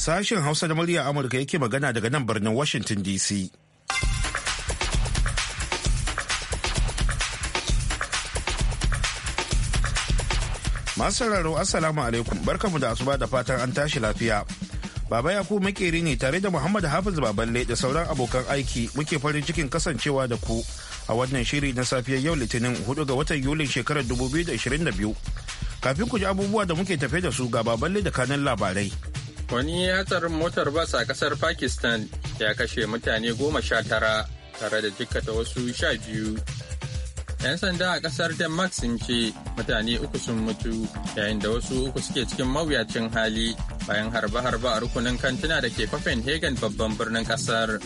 Sashen Hausa da murya Amurka yake magana daga nan birnin Washington DC. Masu sauraro Assalamu alaikum barkamu da asuba da fatan an tashi lafiya. Baba Yaku makeri ne tare da Muhammad Hafiz Baballe da sauran abokan aiki muke farin cikin kasancewa da ku a wannan shiri na safiyar yau Litinin 4 ga watan Yulin shekarar 2022. Kafin ku ji abubuwa da muke tafe da su ga Baballe da kanan labarai. Wani hatsarin motar bas a kasar Pakistan ya kashe mutane goma sha tara tare da jikkata wasu sha biyu. 'Yan sanda a kasar Denmark sun ce mutane uku sun mutu yayin da wasu uku suke cikin mawuyacin hali bayan harba-harba a rukunin kantuna da ke Copenhagen babban birnin kasar.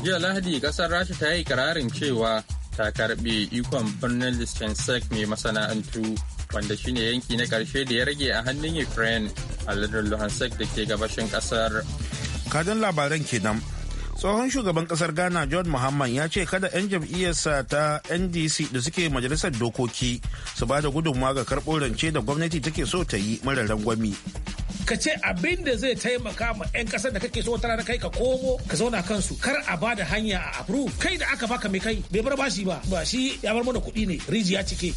Jiya Lahadi kasar Rasha ta yi kirarin cewa ta karbe ikon birnin Lichtenstein mai masana'antu wanda shine yanki na karshe da ya rage a hannun Ukraine. a lardin Luhansk da ke gabashin kasar. Kadan labaran kenan. Tsohon shugaban kasar Ghana John Muhammad ya ce kada 'yan jam'iyyarsa ta NDC da suke majalisar dokoki su ba da gudunmawa ga karɓo rance da gwamnati take so ta yi mara rangwami. ka ce abin da zai taimaka ma 'yan kasar da kake so tara kai ka komo ka zauna kansu kar a ba da hanya a approve kai da aka baka mai kai bai bar bashi ba ba shi ya bar mana kuɗi ne rijiya cike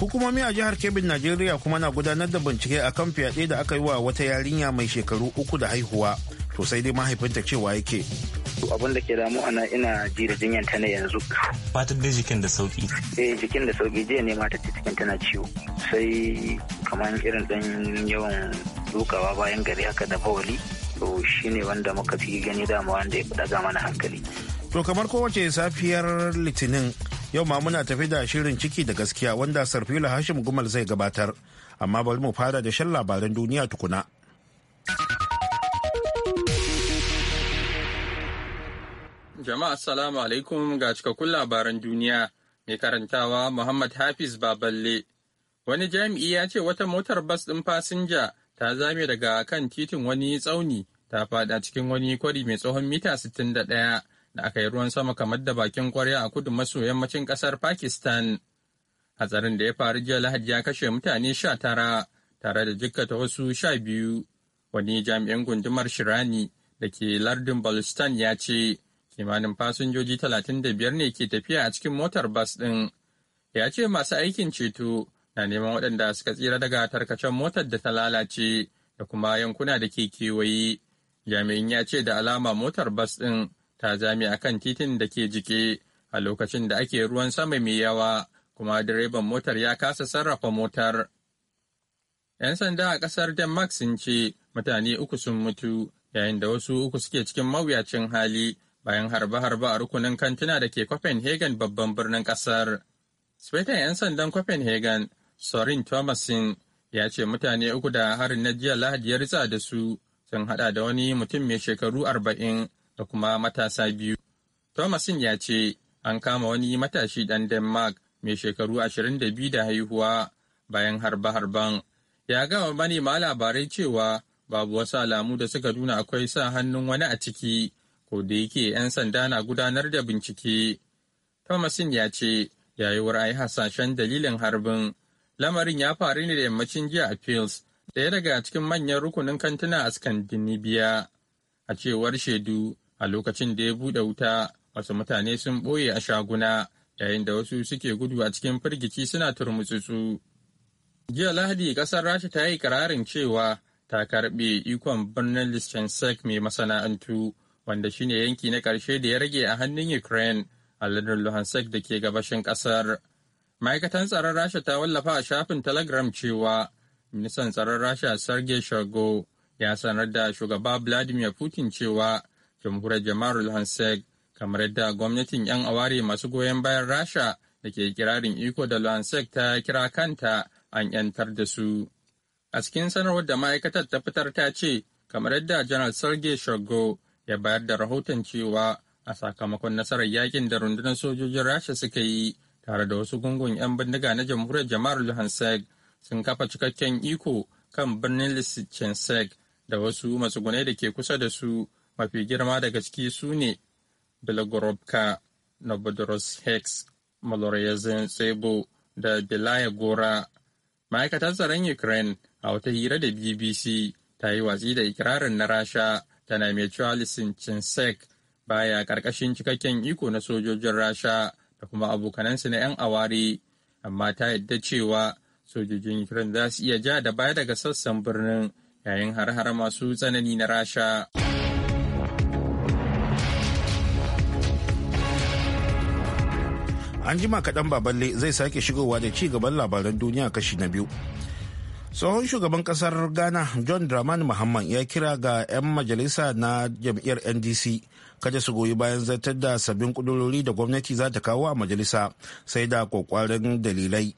hukumomi a jihar kebbi najeriya kuma na gudanar da bincike a kan fyaɗe da aka yi wa wata yarinya mai shekaru uku da haihuwa to sai dai mahaifinta cewa yake abin da ke damu ana ina ji da jinyar ta ne yanzu Fata dai jikin da sauki eh jikin da sauki jiya ne mata ta cikin tana ciwo sai kamar irin ɗan yawan dukawa bayan gari haka da bawali to shine wanda muka fi gani dama wanda ya daga mana hankali to kamar kowace safiyar litinin Yau ma muna tafi da shirin ciki da gaskiya wanda Sarfila Hashim Gumal zai gabatar, amma bari mu fara da shan labaran duniya tukuna. Jama'a Assalamu alaikum ga cikakkun labaran duniya mai karantawa Muhammad Hafiz Baballe. Wani jami'i ya ce wata motar bas ɗin fasinja ta zame daga kan titin wani tsauni ta fada cikin wani kwari mai tsohon mita 61 da aka yi ruwan sama kamar da bakin kwarya a kudu maso yammacin ƙasar Pakistan. Hatsarin da ya faru jiya Lahadi ya kashe mutane sha tara tare da jikkata wasu sha biyu. Wani jami'in gundumar Shirani da ke lardin Balstan ya ce kimanin fasinjoji talatin da biyar ne ke tafiya a cikin motar bas ɗin. Ya ce masu aikin ceto na neman waɗanda suka tsira daga tarkacen motar da ta lalace da kuma yankuna da ke kewaye. Jami'in ya ce da alama motar bas ɗin ta zame a kan titin da ke jike a lokacin da ake ruwan sama mai yawa kuma direban motar ya kasa sarrafa motar. 'Yan sanda a ƙasar Denmark sun ce mutane uku sun mutu yayin da wasu uku suke cikin mawuyacin hali bayan harba harba a rukunin kantuna da ke Copenhagen babban birnin ƙasar. Sweden 'yan sandan Copenhagen, Sorin Thomasin, ya ce mutane uku da harin na jiya lahadi ya da su sun haɗa da wani mutum mai shekaru arba'in da kuma matasa biyu. Thomasin ya ce an kama wani matashi ɗan Denmark mai shekaru ashirin da da haihuwa bayan harba-harban. Ya gama manema labarai cewa babu wasu alamu da suka nuna akwai sa hannun wani a ciki, ko da yake 'yan sanda na gudanar da bincike. Thomasin ya ce yayi ra'ayi hasashen dalilin harbin. Lamarin ya faru ne da yammacin jiya a Pils, ɗaya daga cikin manyan rukunin kantuna a Scandinavia. A cewar shaidu, a lokacin da ya buɗe wuta wasu mutane sun ɓoye a shaguna yayin da wasu suke gudu a cikin firgici suna turmutsutsu. Jiya Lahadi ƙasar Rasha ta yi kararin cewa ta karɓe ikon birnin Lichtenstein mai masana'antu wanda shine yanki na ƙarshe da ya rage a hannun Ukraine a lardin Luhansk da ke gabashin ƙasar. Ma'aikatan tsaron Rasha ta wallafa a shafin Telegram cewa ministan tsaron Rasha Sergei shago ya sanar da shugaba Vladimir Putin cewa jamhuriyar jamarul luhansk kamar yadda gwamnatin 'yan aware masu goyon bayan rasha da ke kirarin iko da luhansk ta kira kanta an 'yantar da su a cikin sanarwar da ma'aikatar ta fitar ta ce kamar yadda janar sergei shogo ya bayar da rahoton cewa a sakamakon nasarar yakin da rundunar sojojin rasha suka yi tare da wasu gungun 'yan bindiga na jamhuriyar jama'ar luhansk sun kafa cikakken iko kan birnin lisichensk da wasu matsugunai da ke kusa da su mafi girma daga ciki su ne novodoros hex Malorezin Tsebo da Belaya Gora. Ma'aikatar tsaron Ukraine a wata hira da BBC ta yi watsi da ikirarin na Rasha tana mai cewa Lisinchinsek baya karkashin cikakken iko na sojojin Rasha da kuma abokanansu na 'yan aware, amma ta yadda cewa sojojin Ukraine za su iya ja da baya daga sassan birnin yayin har-har masu tsanani na Rasha. an jima kaɗan baballe zai sake shigowa da ci gaban labaran duniya kashi na biyu tsohon shugaban kasar ghana john draman muhammad ya kira ga 'yan majalisa na jam'iyyar ndc kada su goyi bayan zartar da sabbin kudurori da gwamnati za ta kawo a majalisa sai da kokwarin dalilai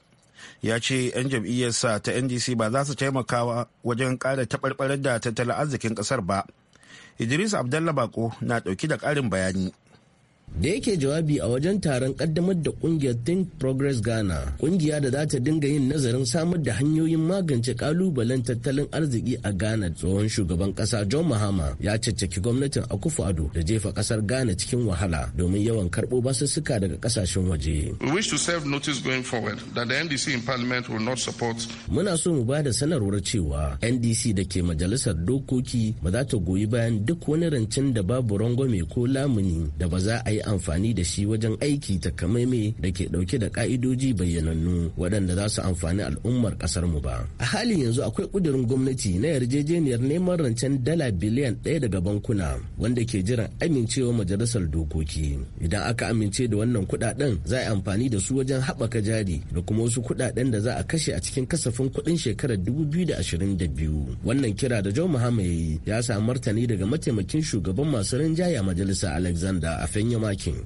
ya ce 'yan jam'iyyarsa ta ndc ba za su taimakawa wajen ƙara taɓarɓarar da tattalin arzikin ƙasar ba idris abdallah bako na ɗauki da ƙarin bayani da yake jawabi a wajen taron kaddamar da kungiyar think progress ghana kungiya da za ta dinga yin nazarin samar da hanyoyin magance kalubalen tattalin arziki a ghana tsohon shugaban kasa john mahama ya caccaki gwamnatin akufu ado da jefa kasar ghana cikin wahala domin yawan karbo basussuka daga kasashen waje we wish to serve notice going forward not support muna so mu ba da sanarwar cewa ndc da ke majalisar dokoki ba za ta goyi bayan duk wani rancen da babu rangwame ko lamuni da ba za a yi yi amfani da shi wajen aiki takamaime da ke dauke da ka'idoji bayyanannu waɗanda za su amfani al'ummar kasar mu ba a halin yanzu akwai kudirin gwamnati na yarjejeniyar neman rancen dala biliyan ɗaya daga bankuna wanda ke jiran amincewa majalisar dokoki idan aka amince da wannan kuɗaɗen za a yi amfani da su wajen haɓaka jari da kuma wasu kuɗaɗen da za a kashe a cikin kasafin kuɗin shekarar 2022 wannan kira da Joe Muhammad ya yi ya samu martani daga mataimakin shugaban masu rinjaye a majalisa Alexander Afenyama mamakin.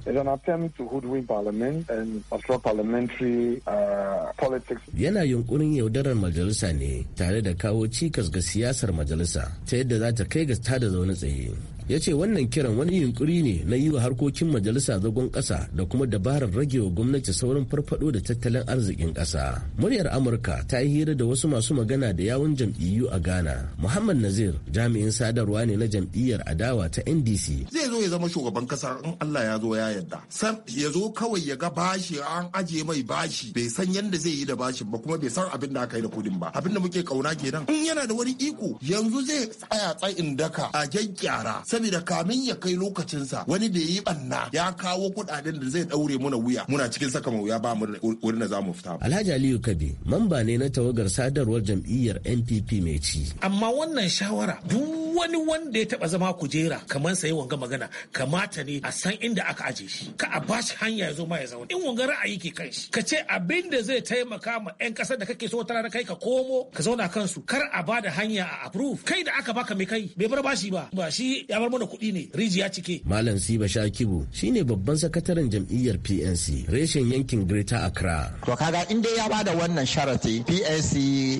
Uh, Yana yunkurin yaudarar majalisa ne tare da kawo cikas ga siyasar majalisa ta yadda za ta kai ga tada zaune tsaye. ya ce wannan kiran wani yunkuri ne na yi wa harkokin majalisa zagon ƙasa da kuma dabarar ragewa gwamnati saurin farfado da tattalin arzikin ƙasa muryar amurka ta yi hira da wasu masu magana da yawun jam'iyyu a ghana muhammad nazir jami'in sadarwa ne na jam'iyyar adawa ta ndc zai zo ya zama shugaban ƙasa in allah ya zo ya yarda sam ya zo kawai ya ga bashi an ajiye mai bashi bai san yadda zai yi da bashin ba kuma bai san abin da aka yi da kudin ba abin da muke kauna kenan in yana da wani iko yanzu zai tsaya tsayin daka a gyaggyara saboda kamin ya kai lokacinsa wani bai yi banna ya kawo kuɗaɗen da zai ɗaure muna wuya muna cikin saka wuya ba mu wurin da za mu fita. Alhaji Aliyu kabi mamba ne na tawagar sadarwar jam'iyyar NPP mai ci. Amma wannan shawara duk wani wanda ya taɓa zama kujera kamar sai wanga magana kamata ne a san inda aka aje shi ka a bashi hanya ya zo ma ya zauna in wanga ra'ayi ke kan shi ka ce abin da zai taimaka ma 'yan ƙasar da kake so wata rana kai ka komo ka zauna kansu kar a bada hanya a approve kai da aka baka mai kai bai bar bashi ba ba shi ya samar mana kuɗi ne rijiya cike. Malam Siba Shakibu shine babban sakataren jam'iyyar PNC reshen yankin Greater Accra. To kaga in dai ya bada wannan sharati PNC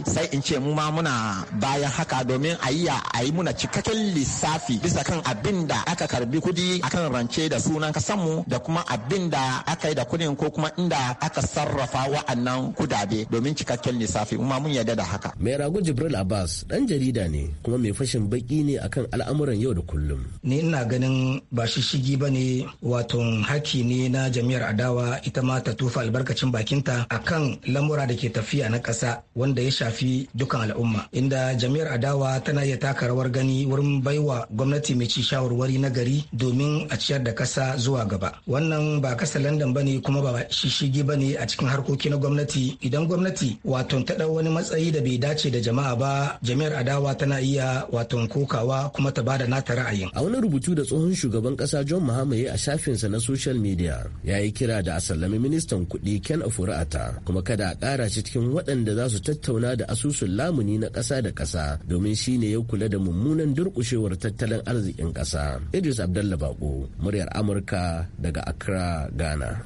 sai in ce mu ma muna bayan haka domin a yi a yi muna cikakken lissafi bisa kan abin da aka karbi kudi akan rance da sunan kasanmu da kuma abin da aka yi da kudin ko kuma inda aka sarrafa wa'annan kudade domin cikakken lissafi mu ma mun yarda da haka. Mai rago Jibril Abbas dan jarida ne kuma mai fashin baki ne akan al'amuran yau da kullum. kullum. Ni ina ganin ba shishigi ba ne waton haki ne na jami'ar adawa ita ma ta tufa albarkacin bakinta a kan lamura da ke tafiya na ƙasa wanda ya shafi dukan al'umma inda jami'ar adawa tana iya taka rawar gani wurin baiwa gwamnati mai ci shawarwari na gari domin a ciyar da ƙasa zuwa gaba. Wannan ba ƙasa landan ba ne kuma ba shishigi ba ne a cikin harkoki na gwamnati idan gwamnati waton ta ɗau wani matsayi da bai dace da jama'a ba jami'ar adawa tana iya waton kokawa kuma ta bada nata ra'ayi A wani rubutu da tsohon shugaban kasa John Mahama ya a shafinsa na social media ya yi kira da a ministan kuɗi Ken Ofuri'ata kuma kada a ƙara shi cikin waɗanda za su tattauna da asusun lamuni na ƙasa da ƙasa domin shi ne ya kula da mummunan durƙushewar tattalin arzikin ƙasa. Idris Abdallah Bako, muryar Amurka daga Accra, Ghana.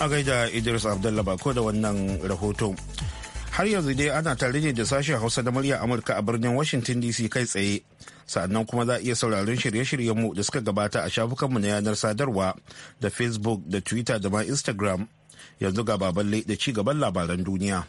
a gaida idris abdullah bako da wannan rahoton har yanzu dai ana tare ne da sashen hausa da murya amurka a birnin washington dc kai tsaye sannan kuma za a iya sauraron shirye-shiryenmu da suka gabata a shafukanmu na yanar sadarwa da facebook da twitter da ma instagram yanzu ga baballe da ci gaban labaran duniya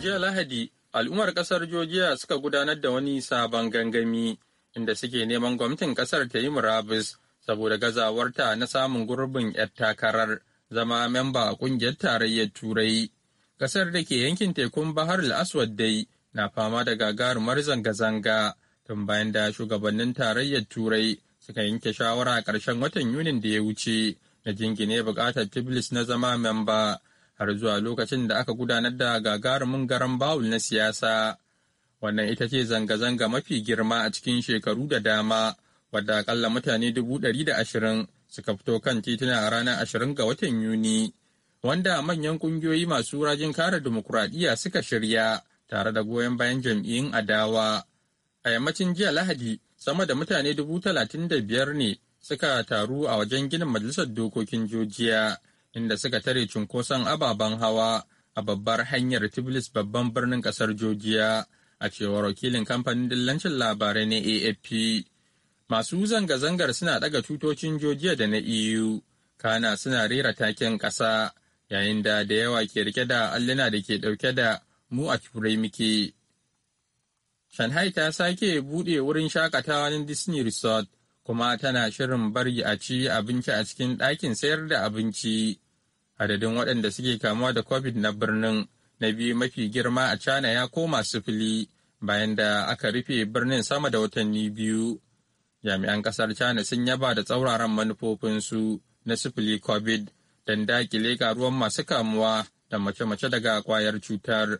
jiya lahadi al'ummar kasar georgia suka gudanar da wani sabon gangami inda suke neman gwamnatin kasar ta yi murabus saboda gazawarta na samun gurbin 'yar takarar zama memba a kungiyar tarayyar turai ƙasar da ke yankin tekun bahar al-aswad dai na fama da gagarumar zanga-zanga tun bayan da shugabannin tarayyar turai suka yanke shawara a ƙarshen watan yunin da ya wuce na jingine buƙatar tiblis na zama memba har zuwa lokacin da aka gudanar da gagarumin garan bawul na siyasa wannan ita ce zanga-zanga mafi girma a cikin shekaru da dama wadda akalla mutane dubu ɗari da ashirin suka fito kan tituna a ranar ashirin ga watan Yuni, wanda manyan ƙungiyoyi masu rajin kare dimokuraɗiyya suka shirya tare da goyon bayan jam'iyyun adawa. A yammacin jiya Lahadi, sama da mutane dubu talatin da biyar ne suka taru a wajen ginin Majalisar Dokokin Jojiya, inda suka tare cunkoson ababen hawa a babbar hanyar tiblis babban birnin ƙasar Jojiya, a cewar wakilin kamfanin dillancin labarai na AFP. Masu zanga-zangar suna ɗaga tutocin jojiya da na EU, kana suna rera taken ƙasa, yayin da da yawa ke rike da alluna da ke ɗauke da mu a turai muke. Shanghai ta sake buɗe wurin shakatawa na Disney Resort, kuma tana shirin bari a ci abinci a cikin ɗakin sayar da abinci. Adadin waɗanda suke kamuwa da COVID na birnin na biyu mafi girma a China ya koma sifili bayan da aka rufe birnin sama da watanni biyu. jami'an kasar china sun yaba da tsauraran manufofinsu na sifili covid don dakile karuwan masu kamuwa da mace-mace daga kwayar cutar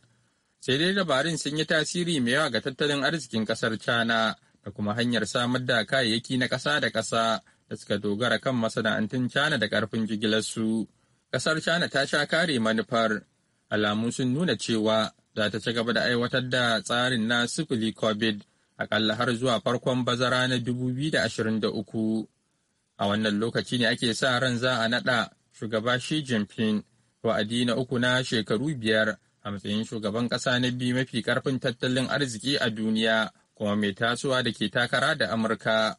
sai dai dabarun sun yi tasiri mai yawa ga tattalin arzikin kasar china da kuma hanyar samar da kayayyaki na ƙasa da ƙasa da suka dogara kan masana'antun china da ƙarfin jigilarsu Ƙasar china ta sha kare manufar alamu sun nuna cewa za ta ci gaba da aiwatar da tsarin na sifili covid akalla har zuwa farkon bazara na 2023. A wannan lokaci ne ake sa ran za a naɗa shugaba Xi Jinping wa'adi na uku na shekaru biyar a matsayin shugaban ƙasa na biyu mafi ƙarfin tattalin arziki a duniya kuma mai tasowa da ke takara da Amurka.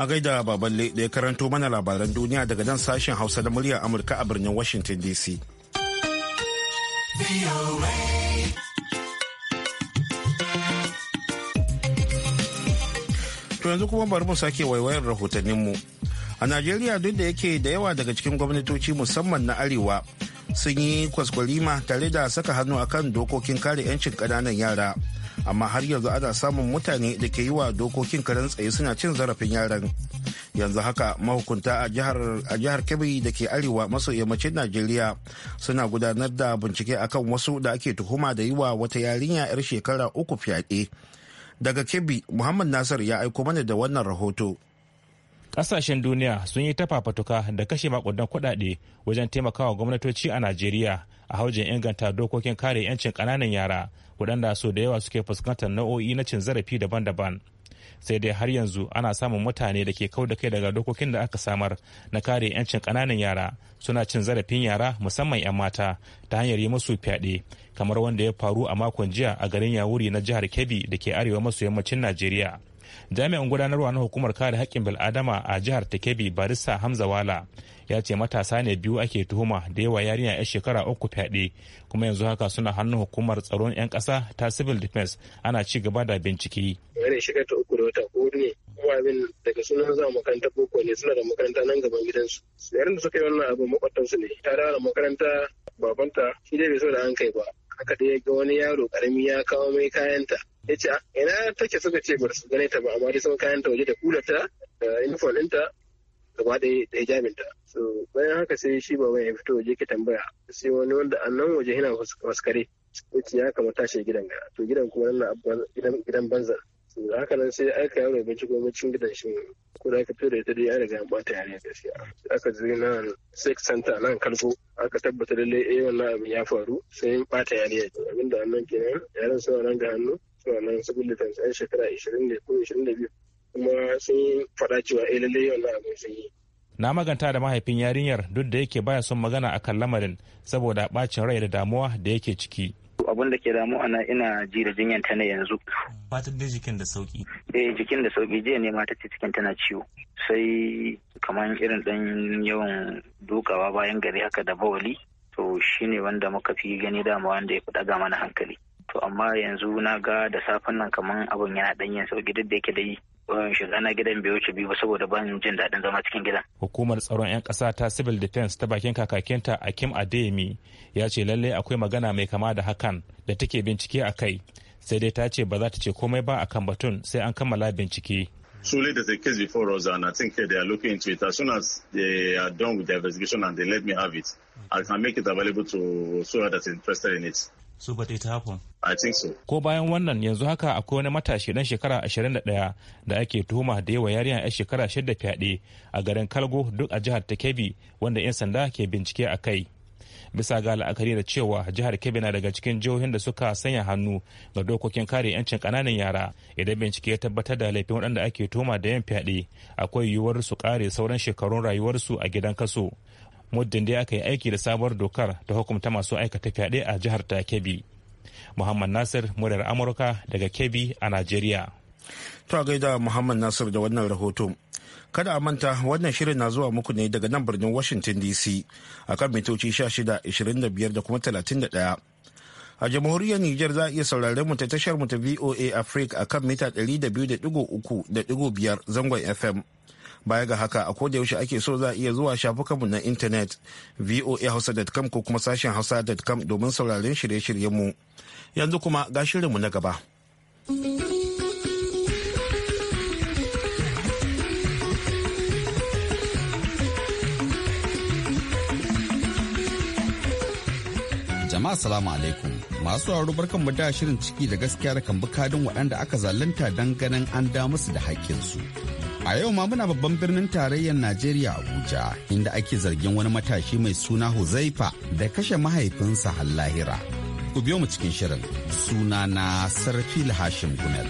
a gaida baballe da ya karanto mana labaran duniya daga nan sashen hausa da muryar amurka a birnin washington dc To yanzu kuma bari mu sake waiwayar rahotanninmu. A Najeriya duk da yake da yawa daga cikin gwamnatoci musamman na Arewa sun yi kwaskwarima tare da saka hannu akan dokokin kare 'yancin ƙananan yara. amma har yanzu ana samun mutane da ke yi wa dokokin karen tsaye suna cin zarafin yaran yanzu haka mahukunta a jihar kebbi da ke arewa maso yammacin najeriya suna gudanar da bincike akan wasu da ake tuhuma da yi wa wata yarinya 'yar shekara uku fyaɗe daga kebbi muhammad nasir ya aiko mana da wannan rahoto kasashen duniya sun yi tafafatuka da kashe makudan kuɗaɗe wajen taimakawa gwamnatoci a najeriya a haujin inganta dokokin kare 'yancin ƙananan yara waɗanda so da yawa suke fuskantar nau'o'i na cin zarafi daban-daban sai dai har yanzu ana samun mutane da ke kau da kai daga dokokin da aka samar na kare 'yancin ƙananan yara suna cin zarafin yara musamman 'yan mata ta hanyar yi masu fyaɗe kamar wanda ya faru a makon jiya a garin yawuri na jihar kebbi da ke arewa maso yammacin najeriya jami'an gudanarwa na hukumar kare haƙƙin bil'adama a jihar takebi barista hamza wala ya ce matasa ne biyu ake tuhuma da yawa yarinya yan shekara uku fyaɗe kuma yanzu haka suna hannun hukumar tsaron 'yan ƙasa ta civil defense ana ci gaba da bincike. Wani shekara ta uku da wata ne abin daga sunan za makaranta boko ne suna da makaranta nan gaban gidansu. yarin da suka yi wannan abin makwabtansu ne ta da makaranta babanta shi dai bai so da an kai ba haka dai ga wani yaro karami ya kawo mai kayanta ya ce ah, ina take suka ce bar su gane ta ba amma dai sun kayanta waje da kula ta da uniform ɗinta gaba ɗaya da ta so bayan haka sai shi baban ya fito waje ke tambaya sai wani wanda a nan waje yana waskare ya ce ya kamata shi gidan ga to gidan kuma nan gidan banza haka nan sai aika yaro bai shigo bacin gidan shi ko da aka fere da dai ya riga ya bata yare gaskiya aka je na sex center nan kalgo aka tabbata lalle eh wannan abin ya faru sai ya bata yare abinda wannan kenan yaran suna nan ga hannu suna nan gudu ta yan shekara 20 ne ko 22 kuma sun faɗa cewa eh lalle wannan abin sun yi na maganta da mahaifin yarinyar duk da yake baya son magana akan lamarin saboda bacin rai da damuwa da yake ciki abin da ke damu ana ina ji da jinyar ta ne yanzu fatan dai jikin da sauki eh jikin da sauki jiya ne mata ce cikin tana ciwo sai kamar irin dan yawan dukawa bayan gari haka da bawali to shine wanda muka fi gani dama wanda ya fi mana hankali to amma yanzu na ga da safen nan kamar abin yana ɗanyen sauki duk da yake yi. shiga na gidan bai wuce biyu ba saboda ban jin daɗin zama cikin gidan. Hukumar tsaron 'yan ƙasa ta civil defense ta bakin kakakinta Akim Adeyemi ya ce lallai akwai magana mai kama da hakan da take bincike a kai sai dai ta ce ba za ta ce komai ba a kan batun sai an kammala bincike. Truly there's a case before us and I think they are looking into it. As soon as they are done with their investigation and they let me have it, I can make it available to whoever so that's interested in it. So but it happened. Ko bayan wannan yanzu haka akwai wani matashi dan shekara 21 da ake tuhuma da yawa yarinya 'yan shekara 6 fyaɗe a garin Kalgo duk a jihar ta Kebbi wanda 'yan sanda ke bincike a kai. Bisa ga la'akari da cewa jihar Kebbi na daga cikin jihohin da suka sanya hannu ga dokokin kare 'yancin kananan yara idan bincike ya tabbatar da laifin waɗanda ake tuhuma da yan fyaɗe akwai yiwuwar su kare sauran shekarun rayuwarsu a gidan kaso. Muddin dai aka yi aiki da sabuwar dokar ta hukumta masu aikata fyaɗe a jihar ta Kebbi. Muhammad Nasir muryar Amurka daga Kebbi a Najeriya. Ta gaida Muhammad Nasir da wannan rahoto. Kada a manta wannan shirin na zuwa muku ne daga nan birnin Washington DC a kan mitoci 16, 25 da kuma 31. A jamhuriyar Nijar za a iya saurare mu ta tashar mu ta VOA Africa a kan mita 200.3 da zangon FM. Baya ga haka a koda yaushe ake so za a iya zuwa shafukanmu na intanet voahausa.com ko kuma sashen hausa.com domin sauraren shirye-shiryenmu. mu. yanzu kuma ga shirinmu na gaba. jama'a salamu alaikum masu sauraro barkan mu da shirin ciki da gaskiya da kan bukadin waɗanda aka zalunta don ganin an da musu da haƙƙinsu a yau ma muna babban birnin tarayyar najeriya abuja inda ake zargin wani matashi mai suna huzaifa da kashe mahaifinsa hallahira ku biyo mu cikin shirin sunana sarki hashim gunar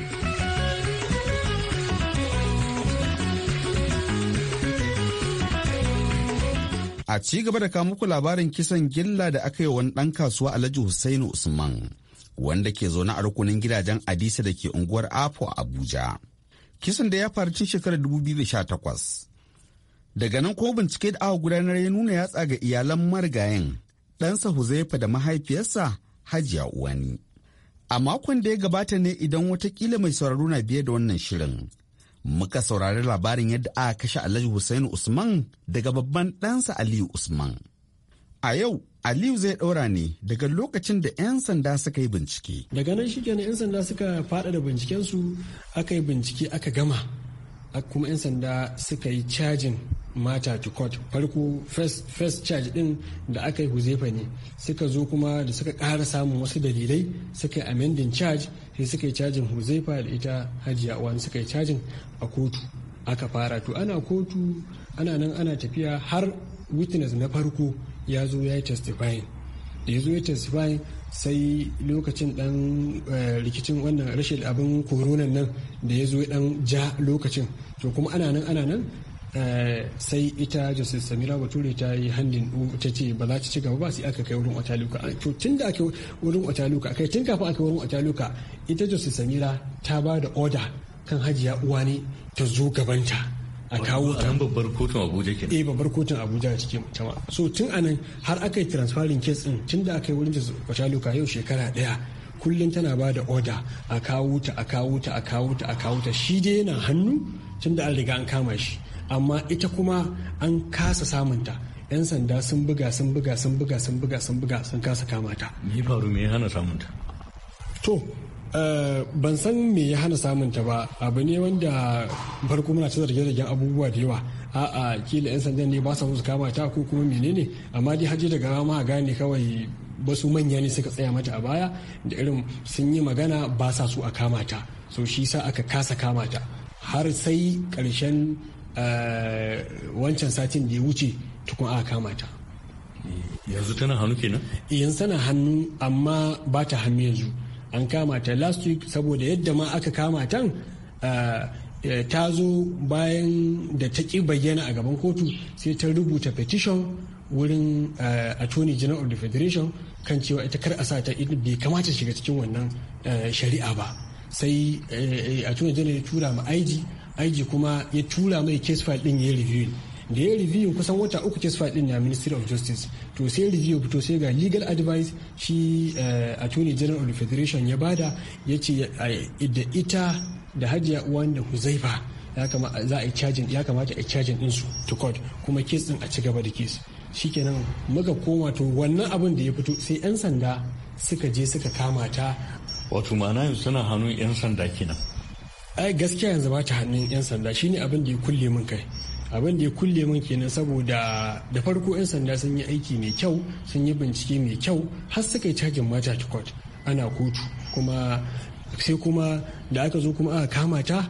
A ci gaba da muku labarin kisan gilla da aka yi wani ɗan kasuwa Alhaji Hussainu Usman, wanda ke zaune a rukunin gidajen Adisa da ke unguwar Afo a Abuja. Kisan da ya faru cikin shekarar 2018. Daga nan ko bincike da aka gudanar ya nuna yatsa ga iyalan marigayen, ɗansa Huzaifa da mahaifiyarsa Hajiya Uwani. A makon da ya gabata ne idan watakila mai sauraro na biye da wannan shirin. Muka saurari labarin yadda aka kashe Alhaji Hussein Usman daga babban ɗansa Aliyu Usman. A yau Aliyu zai ɗora ne daga lokacin da 'yan sanda suka yi bincike. Daga nan shi 'yan sanda suka faɗa da bincikensu aka yi bincike aka gama. kuma 'yan sanda suka yi cajin mata to court farko first charge din da aka yi huzefa ne suka zo kuma da suka kara samun wasu dalilai suka yi amending charge sai suka yi cajin huzefa da ita hajiya wani suka yi cajin a kotu aka fara to ana kotu ana nan ana tafiya har witness na farko ya zo ya yi testifying da ya zo ya testify sai lokacin dan eh, rikicin wannan rashin abin koronan nan da ya zo ya dan ja lokacin to kuma ana nan ana nan eh, sai ita justice samira bature ta yi handin ta ce ba za ta ci gaba ba sai aka kai wurin otaluka to tun da aka wurin otaluka kai tun kafin aka wurin otaluka ita justice samira ta ba da order kan hajiya uwa ne ta zo gabanta a kawo ta. babbar kotun Abuja ke Eh babbar kotun Abuja cike mutum. So tun anan har aka yi transferring case din tun da aka yi wurin Kwachaluka yau shekara ɗaya kullum tana ba da order a kawo ta a kawo ta a kawo ta a kawo ta shi dai yana hannu tun da an riga an kama shi amma ita kuma an kasa samunta 'yan sanda sun buga sun buga sun buga sun buga sun buga sun kasa kama ta. Me faru me hana samunta? To Eh, ban san me ya hana samun ta ba abu ne wanda farko muna ta zarge-zargen abubuwa da yawa a'a kila 'yan sandan ne ba sa su kama ta ko kuma menene amma dai haji daga a gane kawai wasu manya ne suka tsaya mata a baya da irin sun yi magana ba sa su a kama ta so shi sa aka kasa kama ta har sai karshen eh, wancan satin da ya wuce tukun aka kama ta yanzu tana hannu kenan eh, yanzu tana hannu amma ba ta hannu yanzu an kama ta last week saboda yadda ma aka kama tan eh, eh, ta zo bayan da ta ƙi bayyana a gaban kotu sai ta rubuta petition wurin eh, attorney general of the federation kan cewa ita kar a sa ta bai kamata shiga cikin wannan shari'a ba sai attorney general ya tura ma IG IG kuma ya tura mai case file din ya review da ya review kusan wata uku case file din na ministry of justice to sai review to sai ga legal advice shi eh, attorney general of the federation ya bada ya ce eh, da ita da hajiya uwan da huzaifa ya kamata za a yi cajin ya kamata a cajin din su to court kuma case din a ci gaba da case shikenan muka koma to wannan abin da ya fito sai yan sanda suka je suka kama ta wato ma'ana yanzu suna hannun yan sanda kenan ai gaskiya yanzu ba ta hannun yan sanda shine abin da ya kulle min kai abin da ya kulle min kenan saboda da farko 'yan sanda sun yi aiki mai kyau sun yi bincike mai kyau har suka yi cajin mata court ana kotu kuma sai kuma da aka zo kuma aka kama ta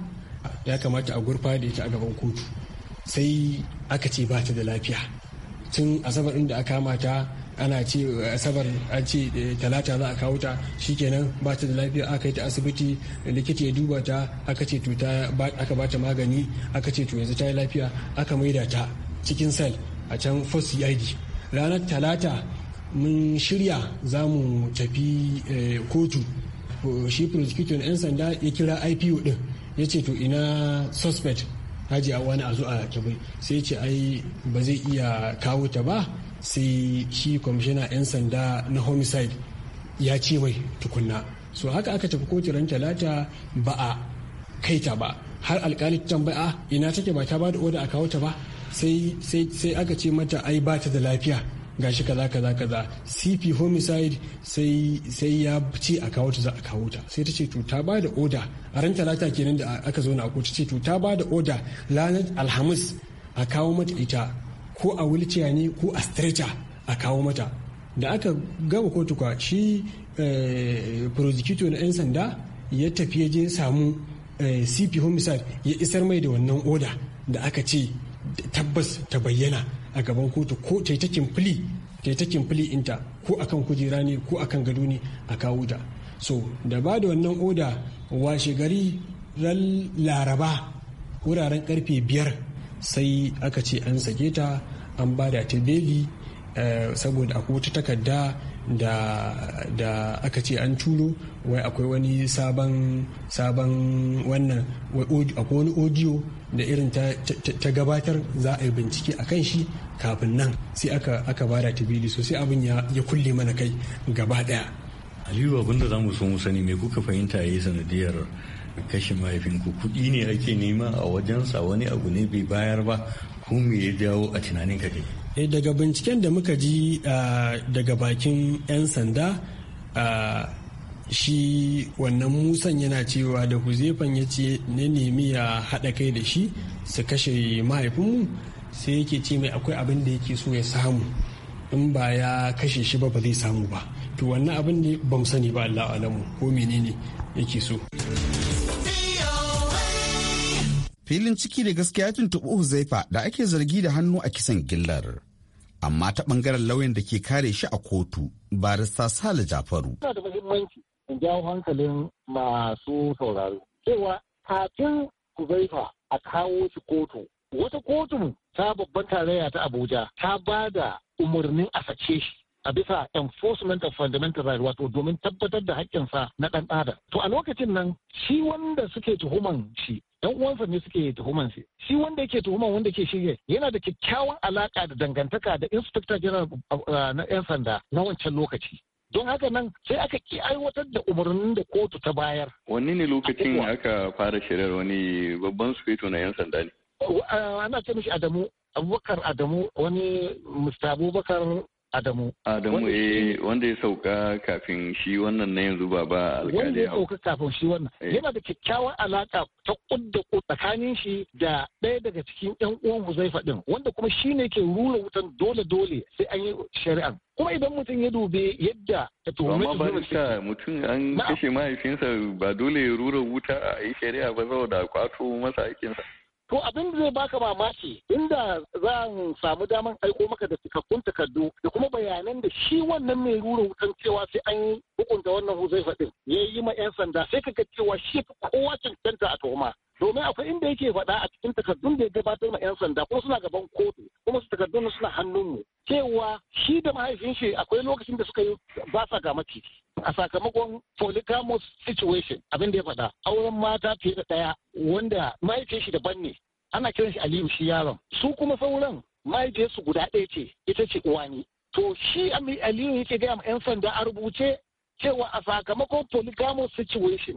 ya kamata a gurfa da ita a gaban kotu sai aka ce ba ta da lafiya tun asabar inda aka kama ta ana ce asabar an ce eh, talata za a kawo ta shikenan ba ta da lafiya aka yi ta asibiti likita ya duba ta aka ce to aka ba ta magani aka ce to yanzu ta yi lafiya aka maida ta cikin sel a can first e id ranar talata mun shirya za mu tafi eh, kotu shi prosecutor 'yan sanda ya kira ipo din ya ce to ina suspect haji a wani a zo a tabi sai ce ai ba zai iya kawo ta ba sai shi kwamishina 'yan sanda na homicide ya ce wai tukunna so haka aka tafi kotu ran talata ba a ta ba har alkali ta tambaya ah, ina take ba ta ba da oda a kawo ta ba sai aka ce mata ai ba ta da lafiya gashi kaza kaza kaza cp homicide sai ya ce a kawo ta za a kawo ta sai ta ce to ta ba da oda a ran talata kenan da aka zo na kotu ce to ta ba da oda lanar alhamis a kawo mata ita ko a wilciya ne ko a stretcher a kawo mata da aka gama kotu kwa shi eh, prosecutor na 'yan sanda ya tafi ya je samu eh, cp homicide ya isar mai da wannan oda da aka ce tabbas ta bayyana a gaban kotu ko ta takin fili ta takin fili inta ko akan kujera ne ko akan gado ne a kawo ta so da ba da wannan oda washe gari ran laraba wuraren karfe biyar sai aka ce an sake ta an ba da ta eh, saboda akwai wata takarda da, aka ce an turo wai akwai wani sabon sabon wannan akwai wani audio da irin ta, gabatar za a yi bincike a kan shi kafin nan sai aka, aka bada tabili sosai abin ya, ya kulle mana kai gaba daya aliyu abinda za mu so mu sani me kuka fahimta ya yi sanadiyar kashe mahaifinku kuɗi ne ake nema a wajensa wani abu ne bai bayar ba kuma ya dawo a tunanin ka eh, daga binciken da muka ji daga bakin 'yan sanda shi wannan musan yana cewa da huzefan ya ce na nemi ya haɗa kai da shi su kashe mahaifinmu sai yake ce mai akwai abin da yake so ya samu in ba ya kashe shi ba ba zai samu ba to wannan abin ne ba mu sani ba Allah alamu ko menene yake so. filin ciki da gaskiya ya tuntuɓi huzaifa da ake zargi da hannu a kisan gillar amma ta ɓangaren lauyan da ke kare shi a kotu barista sale jafaru yana da muhimmanci in jawo hankalin masu sauraro cewa kafin huzaifa a kawo shi kotu wata kotun ta babban tarayya ta abuja ta ba da umarnin a sace shi a bisa enforcement of fundamental rights wato domin tabbatar da haƙƙinsa na ɗan adam to a lokacin nan shi wanda suke tuhuman shi ɗan uwansa ne suke tuhuman shi shi wanda yake tuhuman wanda ke shirye yana da kyakkyawan alaƙa da dangantaka da inspector general uh, na yan sanda na wancan lokaci don haka nan sai aka ki aiwatar da umarnin da kotu ta bayar wanne ne lokacin aka fara shirar wani babban sufeto na yan sanda ne uh, ana ce mishi adamu abubakar adamu wani mr abubakar Adamu. Adamu eh wanda ya sauka kafin shi wannan na yanzu ba ba alƙali Wanda ya sauka kafin shi wannan. Eh. Yana da kyakkyawar alaƙa ta kudda tsakanin shi da ɗaya daga cikin ƴan uwan Huzaifa din wanda kuma shi ne ke rura wutan dole dole sai an yi shari'an. Kuma idan mutum ya dube yadda ta tuhumi Amma ba sa mutum an kashe mahaifinsa ba dole ya rura wuta a yi shari'a ba saboda kwato masa aikinsa. To abin da zai baka mamaki inda zan samu daman aiko maka da cikakkun takardu da kuma bayanan da shi wannan mai rura wutan cewa sai an yi hukunta wannan huzaifa din ya yi ma 'yan sanda sai ka ga cewa shi kowa cancanta a tuhuma domin akwai inda yake faɗa a cikin takardun da ya gabatar ma 'yan sanda kuma suna gaban kotu kuma su takardun suna hannun mu. cewa shi da mahaifin shi akwai lokacin da suka yi ba sa ga a sakamakon polygamous situation abin da ya faɗa auren mata fiye da ɗaya wanda mahaifin shi daban ne ana kiran shi aliyu shi yaron su kuma sauran su guda ɗaya ce ita ce uwa ne to shi aliyu yake gaya ma 'yan sanda a rubuce cewa a sakamakon polygamous situation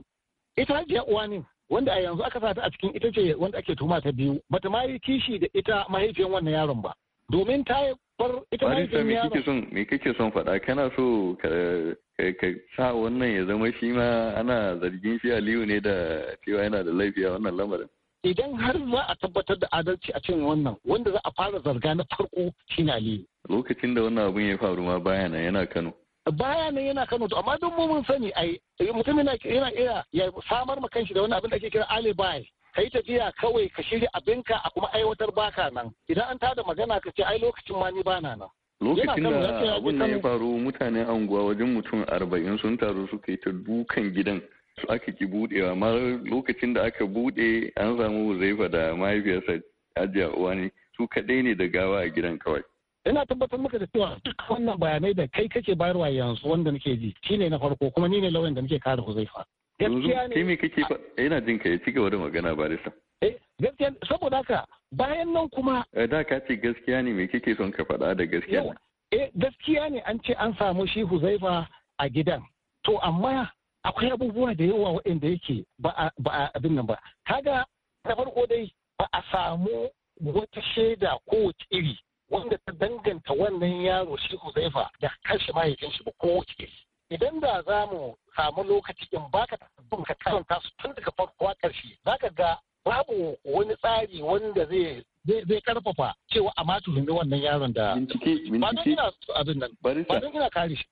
ita uwa ne wanda a yanzu aka sata a cikin ita ce wanda ake tuhuma ta biyu bata ma yi kishi da ita mahaifiyar wannan yaron ba domin ta bar ita mahaifiyar yaron me kake son faɗa kana so ka sa wannan ya zama shi ma ana zargin shi Aliyu ne da cewa yana da laifi wannan lamarin idan har za a tabbatar da adalci a cikin wannan wanda za a fara zarga na farko shine Aliyu lokacin da wannan abun ya faru ma baya yana Kano baya nan yana Kano to amma duk mu mun sani ai mutum yana yana iya ya samar ma kanshi da wani abin da ake kira alibi kai tafiya kawai ka shirya abinka a kuma aiwatar baka nan idan an tada magana ka ce ai lokacin ma ni bana nan lokacin da abun ya faru mutane anguwa wajen mutum arba'in sun taru suka yi ta dukan gidan su aka ki budewa amma lokacin da aka bude an samu zaifa da mahaifiyarsa ajiya uwa ne su kadai ne da gawa a gidan kawai ina tabbatar maka da cewa duk wannan bayanai da kai kake bayarwa yanzu wanda nake ji shine na farko kuma ni ne lauyan da nake kare Huzaifa gaskiya ne kake ina jin ka ya ci gaba da magana barista eh gaskiya saboda haka bayan nan kuma eh, da ka ce gaskiya ne me kake son ka faɗa da gaskiya eh gaskiya ne an ce an samu shi Huzaifa a gidan to amma akwai abubuwa da yawa waɗanda yake ba a abin nan ba kaga na farko dai ba a samu wata shaida ko wace iri wanda ta danganta wannan yaro shi Huzaifa da kashe mahaifin shi ba ko ke. Idan da za mu samu lokaci in baka tabbun ka karanta su tun daga farko a ƙarshe za ka ga babu wani tsari wanda zai zai karfafa cewa a ma tuhumi wannan yaron da bincike bincike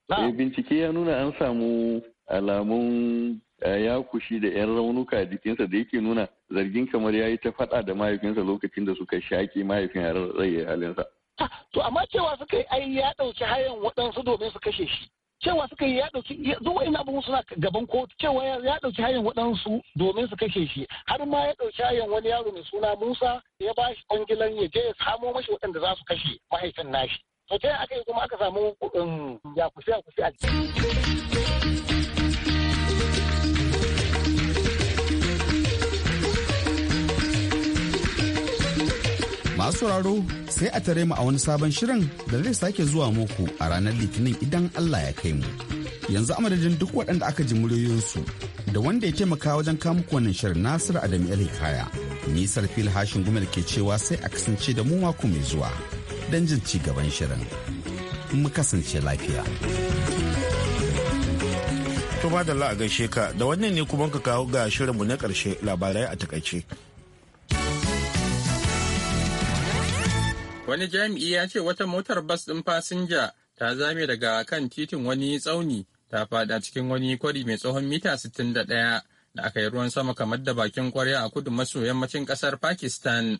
eh, bincike ya nuna an samu alamun eh, ya kushi da yan raunuka a jikinsa da yake nuna zargin kamar ya yi ta faɗa da mahaifinsa lokacin da suka shaƙe mahaifin har rai halinsa Ah, to amma cewa suka yi ai ya ɗauki hayan waɗansu domin su kashe shi cewa suka yi ya ɗauki duk wani abun suna gaban kotu cewa ya ɗauki hayan waɗansu domin su kashe shi har ma ya ɗauki hayan wani yaro mai suna Musa ya ba shi kwangilan ya je ya samo mashi waɗanda za su kashe mahaifin nashi to ta aka yi kuma aka samu ya kusi ya kusi Masu sauraro sai a tare mu a wani sabon shirin da zai sake zuwa muku a ranar litinin idan Allah ya kai mu. Yanzu amadadin duk waɗanda aka ji muryoyinsu da wanda ya taimaka wajen kamuku wannan shirin Nasiru Adamu Kaya. nisar fil Hashin Gumel ke cewa sai a kasance da mu mako mai zuwa don jin ci gaban shirin. Mu kasance lafiya. To ba da la'a gaishe ka da wannan ne kuma ka kawo ga shirinmu na ƙarshe labarai a takaice. Wani jami'i ya ce wata motar bas ɗin fasinja ta zame daga kan titin wani tsauni ta faɗa cikin wani kwari mai tsohon mita 61 da aka yi ruwan sama kamar da bakin kwarya a kudu maso yammacin ƙasar Pakistan.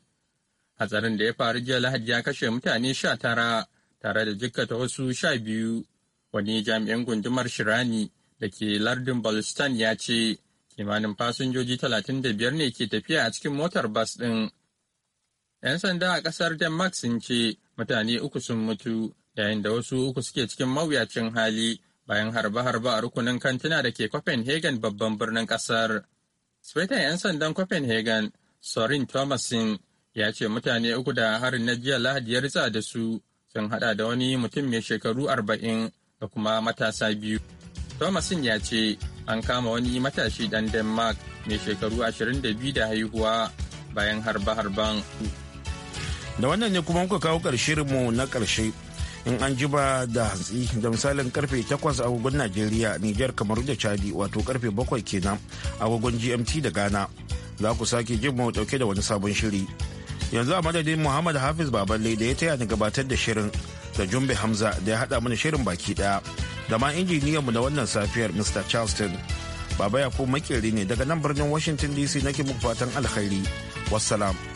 Hatsarin da ya faru jiya Lahadi ya kashe mutane sha tara tare da jikkata wasu sha biyu. Wani jami'in gundumar Shirani da ke lardin Balstan ya ce kimanin fasinjoji talatin da biyar ne ke tafiya a cikin motar bas ɗin 'Yan sanda a ƙasar Denmark sun ce mutane uku sun mutu yayin da wasu uku suke cikin mawuyacin hali bayan harba-harba a rukunin kantina da ke Copenhagen babban birnin ƙasar. sweden 'yan sandan Copenhagen, Sorin Thomasin, ya ce mutane uku da harin na jiya Lahadi ya ritsa da su sun hada da wani mutum mai shekaru arba'in da kuma matasa biyu. Thomasin ya ce an kama wani matashi dan Denmark mai shekaru 22 da haihuwa bayan harba-harban da wannan ne kuma muka kawo mu na karshe in an ji ba da hantsi da misalin karfe 8 agogon najeriya niger kamar da chadi wato karfe 7 kenan agogon gmt da ghana za ku sake jin mu dauke da wani sabon shiri yanzu a madadin muhammad hafiz baballe da ya taya ni gabatar da shirin da jumbe hamza da ya hada mana shirin baki daya da ma injiniyanmu na wannan safiyar mr charleston baba ya ko makeri ne daga nan birnin washington dc nake muku fatan alkhairi wassalam